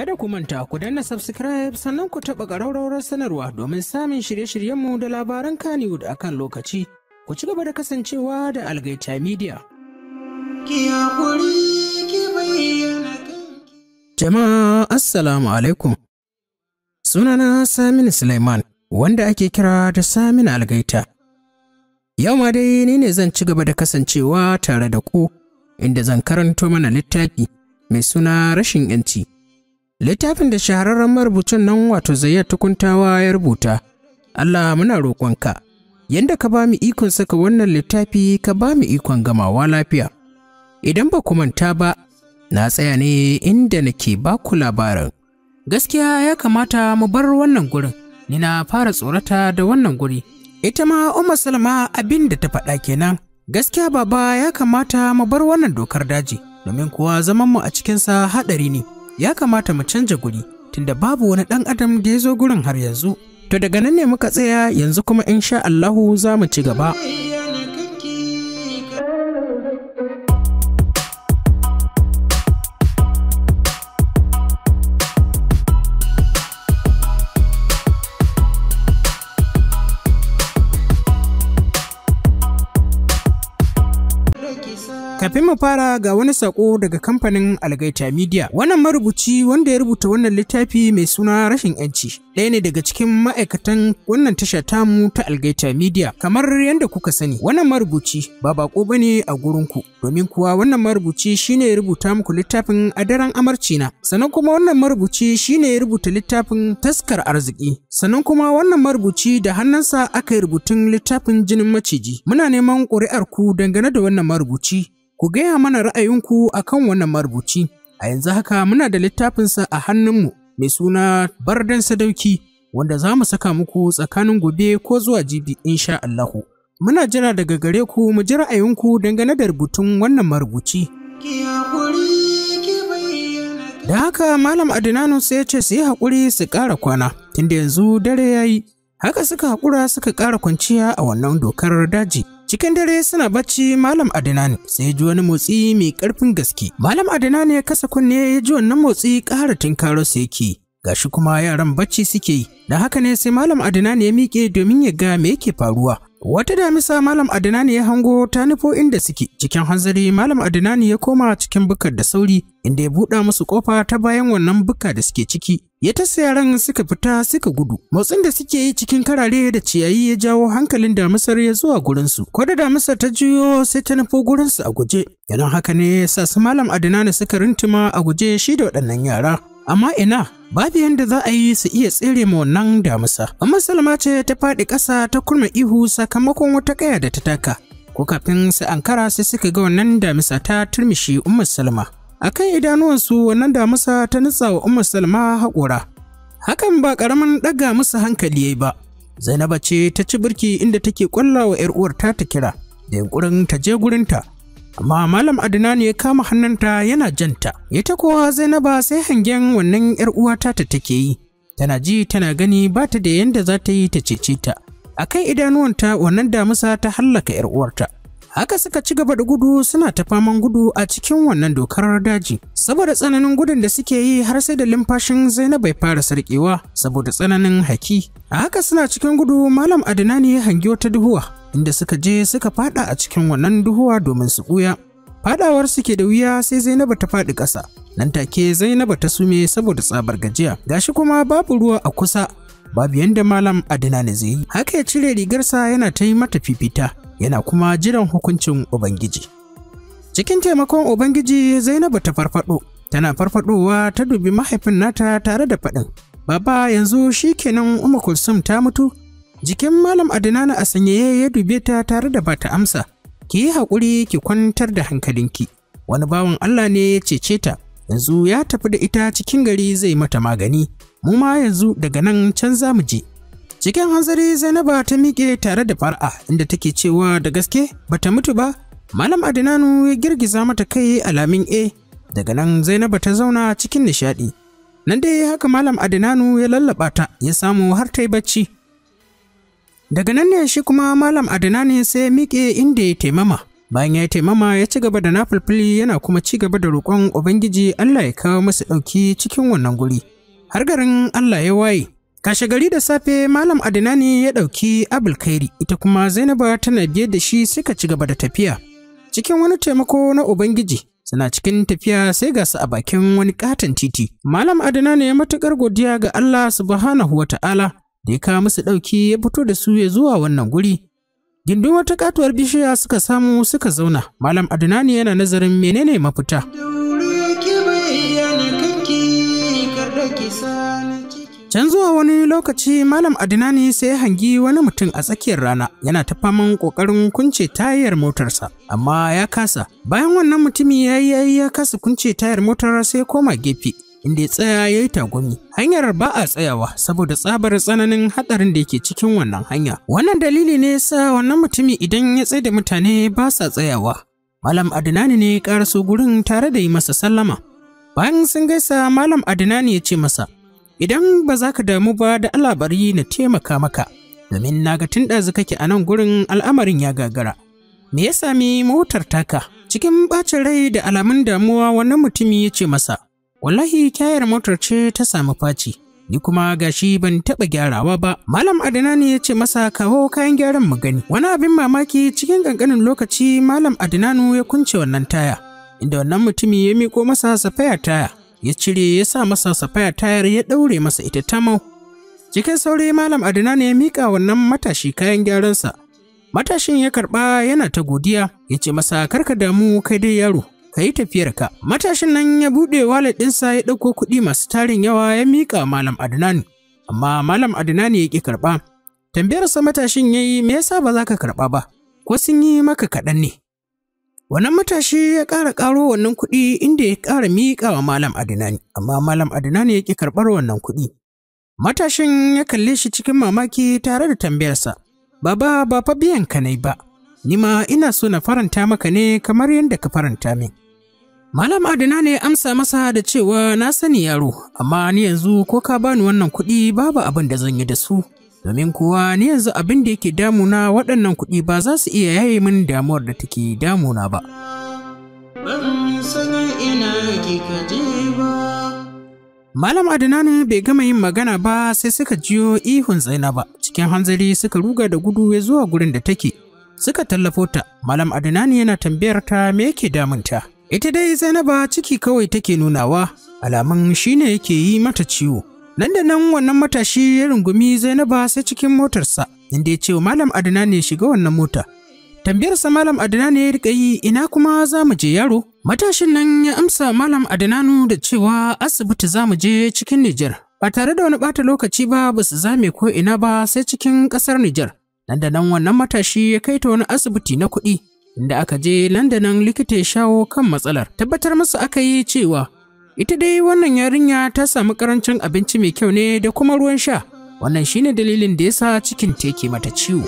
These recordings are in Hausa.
Kada ku manta ku danna subscribe sannan ku taɓa ƙararrawar sanarwa domin samun shirye-shiryenmu da labaran Kannywood a kan lokaci. Ku ci gaba da kasancewa da Algaita Media. Jama'a Assalamu alaikum. Sunana Samin Suleiman wanda ake kira da Samin Algaita. Yau ma dai ni ne zan ci gaba da kasancewa tare da ku inda zan karanto mana littafi mai suna rashin 'yanci. littafin da shahararren marubucin nan wato zayyar tukuntawa ya rubuta Allah muna roƙonka yadda ka ba mu ikon saka wannan littafi ka ba mu ikon gamawa lafiya idan ba ku manta ba na tsaya ne inda nake ba ku labarin gaskiya ya kamata mu bar wannan gurin ni na fara tsorata da wannan guri ita ma umar salma abin da ta faɗa kenan gaskiya baba ya kamata mu bar wannan dokar daji domin kuwa zamanmu a cikinsa haɗari ne ya kamata mu canja guri tunda babu wani ɗan adam da ya zo gurin har yanzu to daga nan ne muka tsaya yanzu kuma insha Allahu za mu ci gaba. Kafin mu fara ga wani sako daga kamfanin Algaita Media. Wannan marubuci wanda ya rubuta wannan littafi mai suna rashin yanci. Ɗaya ne daga cikin ma'aikatan wannan tasha tamu ta Algaita Media. Kamar yadda kuka sani, wannan marubuci ba bako ne a gurinku. Domin kuwa wannan marubuci shine ya rubuta muku littafin a daren amarcina. Sannan kuma wannan marubuci shine ya rubuta littafin taskar arziki. Sannan kuma wannan marubuci da hannunsa aka yi rubutun littafin jinin maciji. Muna neman ƙuri'ar ku dangane da wannan marubuci ku gaya mana ra'ayinku a kan wannan marubuci. A yanzu haka muna da littafinsa a hannunmu mai suna Bardan Sadauki wanda za mu saka muku tsakanin gobe ko zuwa jibi insha Allahu. Muna jira daga gare ku mu ji ra'ayinku dangane da rubutun wannan marubuci. Da haka Malam Adinanu sai ya ce su yi haƙuri su ƙara kwana, tunda yanzu dare ya yi. Haka suka haƙura suka ƙara kwanciya a wannan dokar daji. Cikin dare suna bacci Malam Adinani sai ya ji wani motsi mai ƙarfin gaske. Malam adinani ya kasa kunne ya ji wannan motsi ƙara tinkaro sa yake. Gashi kuma yaran bacci suke yi. Da haka ne sai Malam adinani ya miƙe domin ya ga me yake faruwa. Wata damisa Malam adinani ya hango ta nufo inda suke. Cikin hanzari Malam adinani ya koma cikin bukar da sauri inda ya buɗa musu ƙofa ta bayan wannan buka da suke ciki. Ya tasa yaran suka fita suka gudu. Motsin da suke yi cikin karare da ciyayi ya jawo hankalin damisar ya zuwa gurinsu. Ko damisar ta jiyo, sai ta nufo gurinsu a guje. Yanan haka ne ya sa su Malam Adinana suka rintuma a guje shi da waɗannan yara. Amma ina babu yadda za a yi su iya tsere ma wannan damisa. Amma Salma ce ta faɗi ƙasa ta kurma ihu sakamakon wata ƙaya da ta taka. Ko kafin su ankara sai suka ga wannan damisa ta turmishi Umar Salma. a kan idanuwansu wannan damusa ta nutsa wa umar salma haƙura hakan ba ƙaramin ɗaga musu hankali ba zainaba ce ta ci birki inda take ƙwalla wa ‘yar uwar ta kira da yunƙurin ta je gurinta amma malam adnan ya kama hannunta yana janta ita kowa zainaba sai hangen wannan ‘yar uwa ta ta take yi tana ji tana gani ba ta da yanda za ta yi ta cece ta akan idanuwanta wannan damusa ta hallaka ‘yar uwarta Haka suka ci gaba da gudu suna ta faman gudu a cikin wannan dokar daji. Saboda tsananin gudun da suke yi har sai da limfashin Zainab bai fara sarkewa saboda tsananin haki. A haka suna cikin gudu Malam Adinani ya hangi wata duhuwa inda suka je suka fada a cikin wannan duhuwa domin su ɓuya. Fadawar suke da wuya sai zainab ta faɗi ƙasa. Nan take zainab ta sume saboda tsabar gajiya. Gashi kuma babu ruwa a kusa babu yanda Malam Adinani zai yi. Haka ya cire rigarsa yana ta yi mata fifita. yana kuma jiran hukuncin Ubangiji. Cikin taimakon Ubangiji Zainabu ta farfado, tana farfadowa ta dubi mahaifin nata tare da faɗin. Baba yanzu shi kenan Umma Kulsum ta mutu? Jikin Malam Adinana a sanyaye ya dube ta tare da bata amsa. Ki yi haƙuri ki kwantar da hankalinki. Wani bawan Allah ne ya cece ta, yanzu ya tafi da ita cikin gari zai mata magani. Mu ma yanzu daga nan can za mu je. Cikin hanzari Zainaba ta miƙe tare da far'a inda take cewa da gaske bata mutu ba. Malam Adinanu ya girgiza mata kai alamin A. Eh. Daga nan Zainaba ta zauna cikin nishaɗi. Nan dai haka Malam Adinanu ya lallaɓa ta ya samu har ta yi bacci. Daga nan ne shi kuma Malam Adinanu sai ya miƙe inda ya taimama. Bayan ya taimama ya ci gaba da nafulfuli yana kuma ci gaba da roƙon Ubangiji Allah ya kawo masa ɗauki cikin wannan guri. Har garin Allah ya waye. Kashe gari da safe Malam Adinani ya ɗauki Abulkairi ita kuma Zainaba tana biye da shi suka ci gaba da tafiya. Cikin wani taimako na Ubangiji suna cikin tafiya sai ga su a bakin wani katon titi. Malam Adinani ya matuƙar godiya ga Allah subhanahu wa ta'ala da ya kawo musu ɗauki ya fito da su ya zuwa wannan guri. Gindin wata katuwar bishiya suka samu suka zauna, Malam Adinani yana nazarin menene mafita. Can zuwa wani lokaci Malam Adinani sai ya hangi wani mutum a tsakiyar rana yana ta faman ƙoƙarin kunce tayar motarsa, amma ya kasa. Bayan wannan mutumi ya yi ya kasa kunce tayar motar sai koma gefe, inda ya tsaya ya yi tagumi. Hanyar ba a tsayawa saboda tsabar tsananin haɗarin da yake cikin wannan hanya. Wannan dalili ne sa wannan mutumi idan ya tsaye da mutane ba sa tsayawa. Malam Adinani ne ya gurin tare da yi masa sallama. Bayan sun gaisa Malam Adinani ya ce masa, Idan ba za ka damu ba da alabari na taimaka maka, domin na ga tun ɗazu kake a nan gurin al'amarin ya gagara. Me ya sami motar taka? Cikin ɓacin rai da alamun damuwa wannan mutumi ya ce masa, Wallahi kyayar motar ce ta samu faci, ni kuma gashi ban taɓa gyarawa ba. Malam Adinani ya ce masa kawo kayan gyaran mu gani. Wani abin mamaki cikin ƙanƙanin lokaci Malam Adinanu ya kunce wannan taya, inda wannan mutumi ya miko masa safaya taya. ya cire ya sa masa safaya tayar ya ɗaure masa ita tamau. Cikin sauri Malam Adnan ya miƙa wannan matashi kayan gyaran sa. Matashin ya karɓa yana ta godiya ya ce masa ka damu kai dai yaro ka yi tafiyarka. Matashin nan ya buɗe walet ɗinsa ya ɗauko kuɗi masu tarin yawa ya miƙa Malam Adnan. Amma Malam Adnan ya ƙi karɓa. Tambayarsa matashin ya yi me yasa ba za ka karɓa ba? Ko sun yi maka kaɗan ne? Wannan matashi ya ƙara ƙaro wannan kuɗi inda ya ƙara miƙa wa Malam Adinani, amma Malam Adinani ya ƙi karɓar wannan kuɗi. Matashin ya kalle shi cikin mamaki tare da tambayarsa, Baba ba fa biyan ka nai ba, ni ma ina so na faranta maka ne kamar yadda ka faranta min. Malam Adinani ya amsa masa da cewa na sani yaro, amma ni yanzu ko ka bani wannan kuɗi babu abin da zan yi da su. domin kuwa ni yanzu abin da yake damuna waɗannan kuɗi ba za su iya yaye min damuwar da take damuna ba. Malam adinani bai gama yin magana ba sai suka jiyo ihun ba. cikin hanzari suka ruga da gudu ya zuwa gurin da take. Suka tallafo ta, Malam Adinani yana tambayar ta me yake damunta. Ita dai Zainaba ciki kawai take nunawa, alamun shine yake yi mata ciwo. Nan da nan wannan matashi ya rungumi Zainaba sai cikin motarsa, inda ya ce wa Malam Adina ne shiga wannan mota. Tambayarsa Malam Adina ne ya riƙa yi ina kuma za mu je yaro? Matashin nan ya amsa Malam Adinanu da cewa asibiti za mu je cikin Nijar. Ba tare da wani bata lokaci ba ba su zame ko ina ba sai cikin ƙasar Nijar. Nan da nan wannan matashi ya kai ta wani asibiti na kuɗi, inda aka je nan da nan likita ya shawo kan matsalar. Tabbatar masa aka yi cewa Ita dai wannan yarinya ta samu karancin abinci mai kyau ne da kuma ruwan sha. Wannan shine dalilin da yasa cikin teke mata ciwo.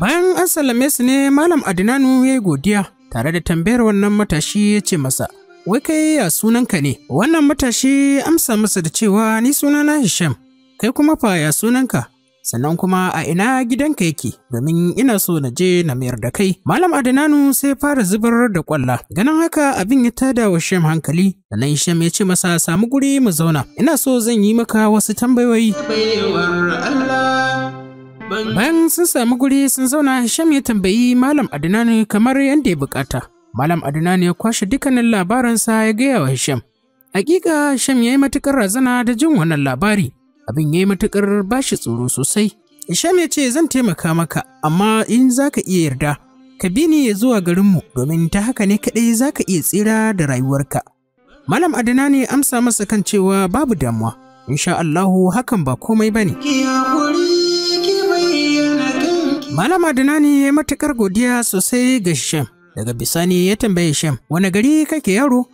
Bayan an sallame su ne Malam Adinanu ya yi godiya tare da tambayar wannan matashi ya ce masa, Wai kai ya sunanka ne? Wannan matashi amsa masa da cewa ni sunana Hisham, kai kuma fa ya sunanka? sannan kuma a ina gidanka yake domin ina so na je na mayar da kai malam adananu sai fara zubar da kwalla ganin haka abin ya tada wa shem hankali sannan shem ya ce masa samu guri mu zauna ina so zan yi maka wasu tambayoyi bayan sun samu guri sun zauna shem ya tambayi malam adananu kamar yadda ya bukata malam adananu ya kwashe dukkanin labaransa ya gaya wa shem hakika shem ya yi matukar razana da jin wannan labari abin ya yi matuƙar bashi tsoro sosai. Isham ya ce zan taimaka maka amma in za ka iya yarda ka bi ni ya zuwa garinmu domin ta haka ne kaɗai za ka iya tsira da rayuwarka. Malam Adana ne amsa masa kan cewa babu damuwa. Insha Allahu hakan ba komai ba ne. Malam Adana ne ya matuƙar godiya sosai ga Sham. Daga bisani ya tambaye Sham, wani gari kake yaro?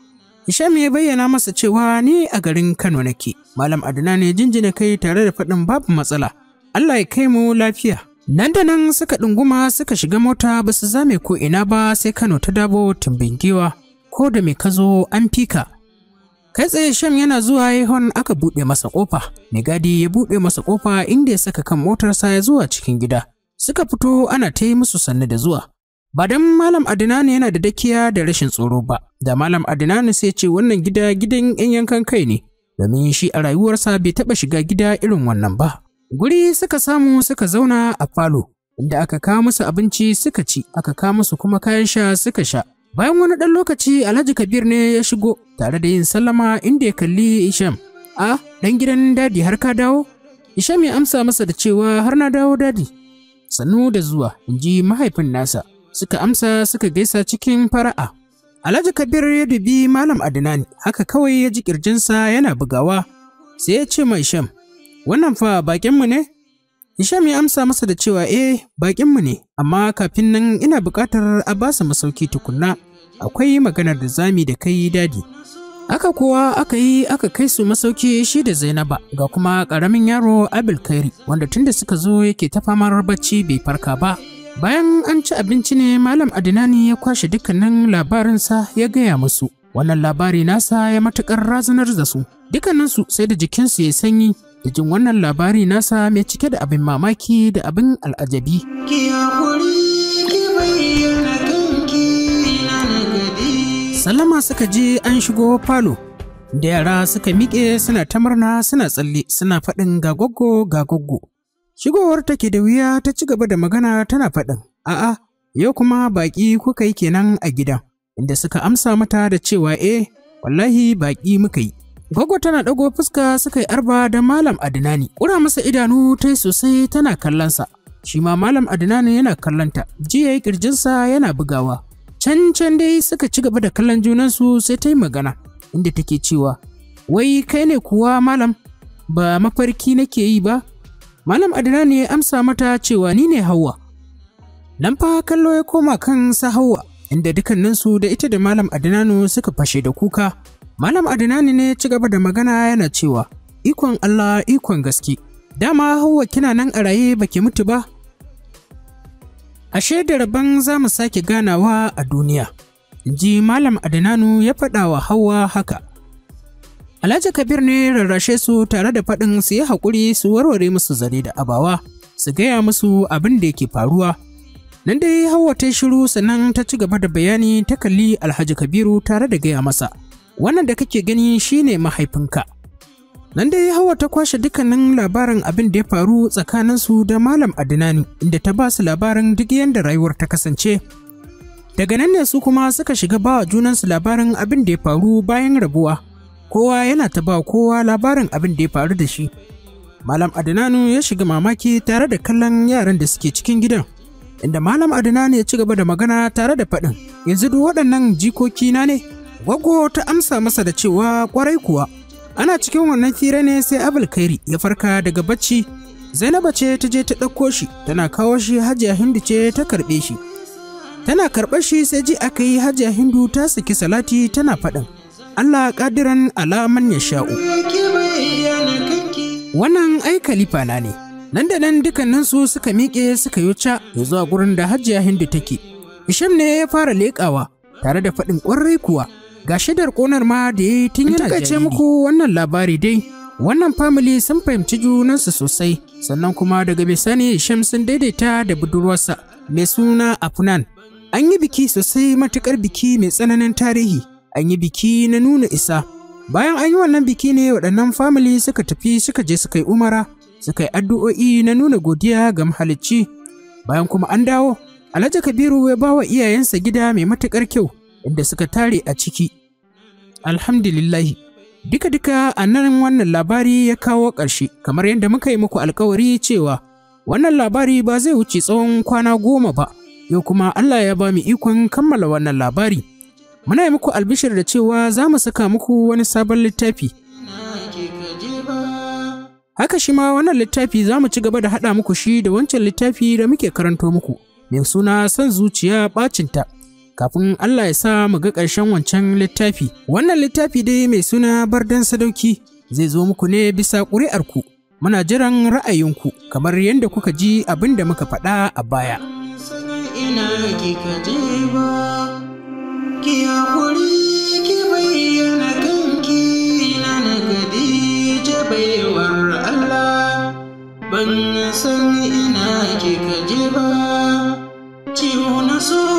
Hisham ya bayyana masa cewa ni a garin Kano nake. Malam Aduna ne jinjina kai tare da faɗin babu matsala. Allah ya kai mu lafiya. Nan da nan suka ɗunguma suka shiga mota ba su zame ko ina ba sai Kano ta dabo tumbin giwa ko da me ka zo an fika. Kai tsaye Sham yana zuwa Yehon aka buɗe masa ƙofa. Mai gadi ya buɗe masa ƙofa inda ya saka kan motarsa ya zuwa cikin gida. Suka fito ana ta yi musu sannu da zuwa. ba don malam adinani yana da dakiya da rashin tsoro ba da malam adinani sai ce wannan gida gidan yan yankan kai ne domin shi a rayuwarsa bai taɓa shiga gida irin wannan ba guri suka samu suka zauna a falo inda aka kawo musu abinci suka ci aka kawo musu kuma kayan sha suka sha bayan wani ɗan lokaci alhaji kabir ne ya shigo tare da yin sallama inda ya kalli isham a ɗan gidan dadi har ka dawo isham ya amsa masa da cewa har na dawo dadi sannu da zuwa in ji mahaifin nasa suka amsa suka gaisa cikin fara'a. Alhaji Kabir ya dubi Malam Adnan haka kawai ya ji ƙirjinsa yana bugawa sai ya ce mai Isham, wannan fa baƙinmu ne? Isham ya amsa masa da cewa eh baƙinmu ne, amma kafin nan ina buƙatar a ba su masauki tukunna, akwai maganar da zami da kai dadi. Aka kowa aka yi aka kai su masauki shi da Zainaba ga kuma ƙaramin yaro abel Kairi wanda tunda suka zo yake ta famar bacci bai farka ba. Bayan an ci abinci ne Malam Adinani ya kwashe dukkanin labarinsa ya gaya musu. Wannan labari nasa ya matuƙar razanar da su. Dukkaninsu sai da jikinsu ya sanyi da jin wannan labari nasa mai cike da abin mamaki da abin al'ajabi. Salama suka je an shigo falo, da yara suka miƙe suna ta murna suna tsalle suna faɗin ga goggo ga goggo. Shigowar take da wuya ta ci gaba da magana tana faɗin, a'a, yau kuma baƙi kuka yi kenan a gida inda suka amsa mata da cewa eh, wallahi baƙi muka yi. Gwaggo tana ɗago fuska suka yi arba da Malam Adinani, Kura masa idanu ta yi sosai tana kallonsa. Shi ma Malam Adinani yana kallonta, jiya yi ƙirjinsa yana bugawa. Can can dai suka ci gaba da kallon junansu sai ta yi magana, inda take cewa, wai kai ne kuwa Malam, ba mafarki nake yi ba, Malam Adnan ya amsa mata cewa ni ne Hauwa. Nan fa kallo ya koma kan sa Hauwa, inda dukkaninsu da ita da Malam Adnanu suka fashe da kuka. Malam Adnani ne ci gaba da magana yana cewa, Ikon Allah, ikon gaske, dama Hauwa kina nan a raye baki mutu ba? Ashe da rabon za mu sake ganawa a duniya. Ji Malam Adnanu ya faɗa wa Hauwa haka. Alhaji Kabir ne rarrashe su tare da faɗin su yi haƙuri su warware musu zane da abawa, su gaya musu abin da yake faruwa. Nan dai Hauwa ta shiru sannan ta ci gaba da bayani ta kalli Alhaji Kabiru tare da gaya masa, wannan da kake gani shine mahaifinka. Nan dai Hauwa ta kwashe dukkanin labarin abin da ya faru tsakaninsu da Malam Adinani inda ta ba su labarin duk yadda rayuwar ta kasance. Daga nan ne su kuma suka shiga ba junansu labarin abin da ya faru bayan rabuwa kowa yana ta ba kowa labarin abin da ya faru da shi malam adinanu ya shiga mamaki tare da kallon yaran da suke cikin gidan inda malam adinanu ya ci gaba da magana tare da faɗin yanzu duk waɗannan jikoki na ne gwaggo ta amsa masa da cewa kwarai kuwa ana cikin wannan fira ne sai abul kairi ya farka daga bacci zainaba ce ta je ta ɗauko shi tana kawo shi hajiya hindu ce ta karɓe shi tana karɓar shi sai ji aka yi hajiya hindu ta saki salati tana faɗin Allah ƙadiran alaman ya sha'u. Wannan ai kalifa ne, nan da nan dukkaninsu suka miƙe suka yi ca zuwa gurin da hajiya Hindu take. Isham ne ya fara leƙawa tare da faɗin ƙwarai kuwa ga shaidar ƙonar ma da ya yi tun yana jariri. ce muku wannan labari dai, wannan famili sun fahimci junansu sosai, sannan kuma daga bisani Isham sun daidaita da budurwarsa mai suna Afnan. An yi biki sosai matuƙar biki mai tsananin tarihi. an yi biki na nuna isa bayan an yi wannan biki ne waɗannan famili suka tafi suka je suka yi umara suka yi addu'o'i na nuna godiya ga mahalicci bayan kuma an dawo alhaji kabiru ya ba wa iyayensa gida mai matuƙar kyau inda suka tare a ciki alhamdulillahi duka duka a nan wannan labari ya kawo ƙarshe kamar yadda muka yi muku alkawari cewa wannan labari ba zai wuce tsawon kwana goma ba yau kuma allah ya ba mu ikon kammala wannan labari Muna yi muku albishir da cewa za mu saka muku wani sabon littafi. Haka shi ma wannan littafi za mu ci gaba da haɗa muku shi da wancan littafi da muke karanto muku, mai suna son zuciya ɓacinta. Kafin Allah ya sa mu ga ƙarshen wancan littafi, wannan littafi dai mai suna bardan sadauki zai zo muku ne bisa ƙuri'arku. Muna jiran ra'ayinku kamar yadda kuka ji abin da muka faɗa a baya. ki hakuri ki bayyana kanki na nagadi ce baiwar Allah ban san ina kika je ba ciwo na so